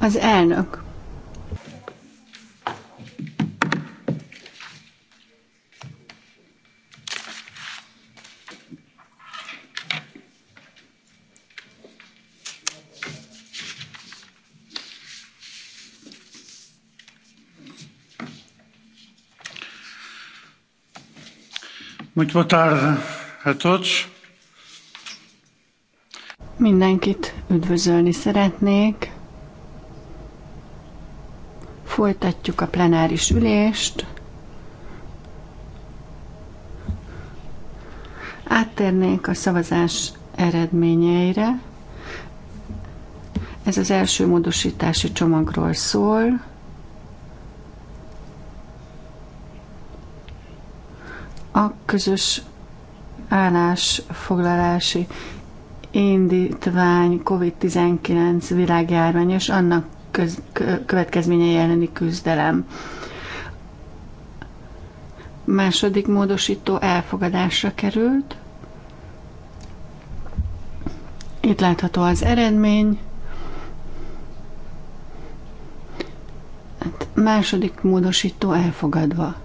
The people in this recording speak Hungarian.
Az elnök. Muito boa tarde a todos. Mindenkit üdvözölni szeretnék. Folytatjuk a plenáris ülést. Áttérnénk a szavazás eredményeire. Ez az első módosítási csomagról szól. A közös állásfoglalási indítvány COVID-19 világjárvány és annak köz, következménye elleni küzdelem. Második módosító elfogadásra került. Itt látható az eredmény. Hát második módosító elfogadva.